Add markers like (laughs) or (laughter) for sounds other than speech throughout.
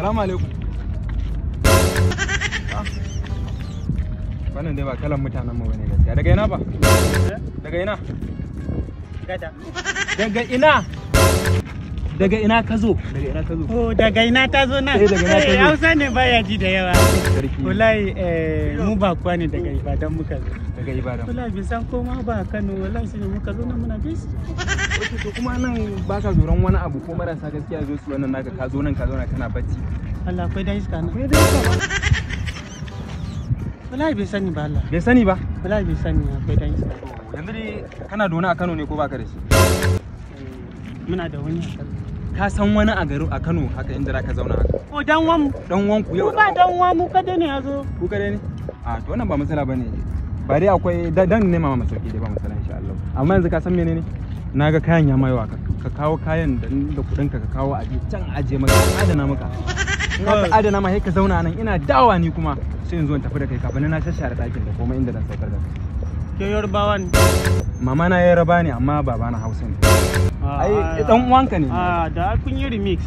salamu alaikum wannan dai ba kalan mutanen mu bane gaskiya daga ina ba eh? daga ina daga ina daga ina ka zo daga ina ka zo oh daga ina ta zo eh, na eh Hausa ne baya ji da yawa wallahi eh mu ba kwa ne daga Ibadan muka zo daga Ibadan wallahi bin san koma ba Kano wallahi shi muka zo nan muna bishi to kuma nan ba ka zoron wani abu ko marasa gaskiya zo su wannan naka ka zo nan ka zauna kana bacci Allah akwai da iska nan Wallahi bai sani ba Allah. Bai sani ba? Wallahi bai sani akwai dan iska. Oh, yanzu dai kana da wani a Kano ne ko baka da shi? Eh, muna da wani a Kano. ka san wani a garin a Kano haka inda zaka zauna haka ko dan wan dan wan ku yau ba dan wan mu kada ne yazo ku kada ne a to wannan ba matsala bane ba dai akwai dan ne ma masauki dai ba matsala insha Allah amma yanzu ka san menene na ga kayan ya mayo ka kawo kayan da kudin ka kawo a can aje maka adana maka ka adana ma sai ka zauna nan ina dawa ni kuma sai yanzu zo tafi da kai kafin na shashare ɗakin da komai inda zan saukar da kai ke yarbawa ne mama na yarba ne amma baba na hausa ne ai dan uwanka ne a da kun yi remix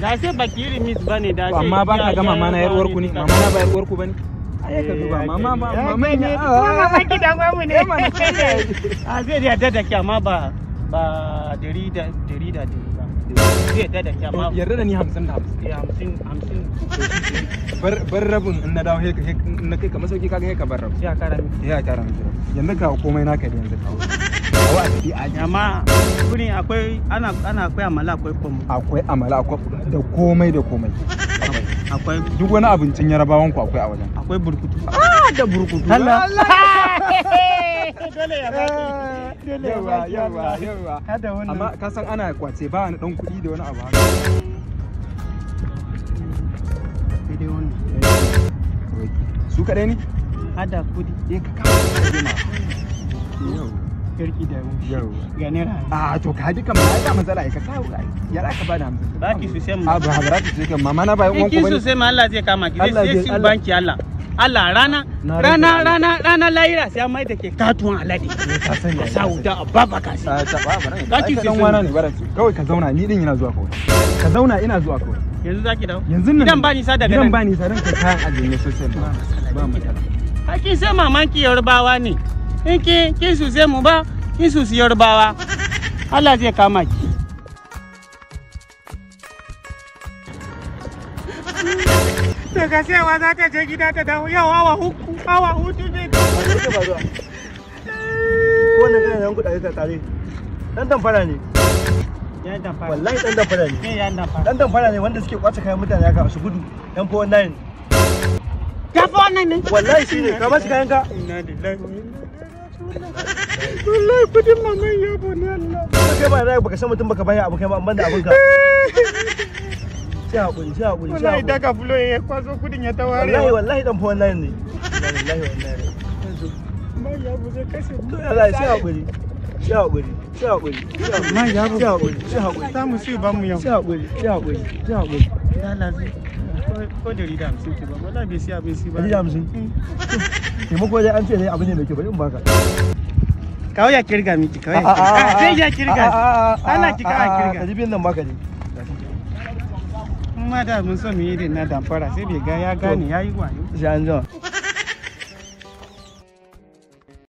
da sai baki yi remix bane da sai amma ba ka ga mama na yarwar ku ne mama na ba yarwar ku bane ai ka duba mama ba mama ne mama gidan mu ne a zai yarda da amma ba ba dari da dari da dari yarda da ni 50 da 50 eh, bar bar in na dawo he na kai ka bar rabin sai ka rami sai ka rami yanzu ka komai naka ne akwai amala akwai akwai amala da komai da komai duk wani abincin yarabawan ku akwai a akwai burkutu ah, da burkutu (laughs) dole ya baki eh, dole ya baki yawa yawa kada wannan amma ka san ana kwace ba ni dan kuɗi da wani abu haka dai wannan eh. su ne hada kuɗi eh ka kawo da yau a ah, to ka duka ma ya matsala ka kawo ai ya za ka bada hamsin baki su sai mu abu ah, kan mama na bayan uwan ku eh, bane ki su sai ma Allah zai kama ki zai sai banki Allah Allah rana rana rana rana layira sai mai da ke katuwan alade eh, a sa wuta a baba ka sai ka ci sai wana ne bara kawai ka zauna ni din ina zuwa kawai ka zauna ina zuwa kawai yanzu zaki dawo yanzu nan dan bani sa daga nan dan bani sa ka kai kayan ajiye sosai ba ba matsala hakin sai mamanki yarbawa ne in ki kin su sai mu ba kin su su yarbawa Allah zai kama ki to ga sai za ta je gida ta dawo yau awa uku awa hudu ne da wannan kana yan ta tare dan ne yan wallahi dan fara ne yan damfara dan eh, ne wanda suke kwace kayan mutane haka su gudu yan 419 ya fi wannan ne wallahi shine ka ba shi kayan ka inna lillahi wallahi kudin maman ya bani Allah ba rai baka san mutum baka bayar abu kai ba ban da abinka (laughs) ci hakuri ci hakuri wallahi daga fulo ya kwaso kudin ya taware wallahi wallahi dan fa wallahi ne wallahi wallahi kawai ya kirga miki kawai sai ya ah, ah, kirga ah, ana kirga nan ma da mun so mu yi na damfara sai bai ga ya gane ya yi wayo. Jean-Jean.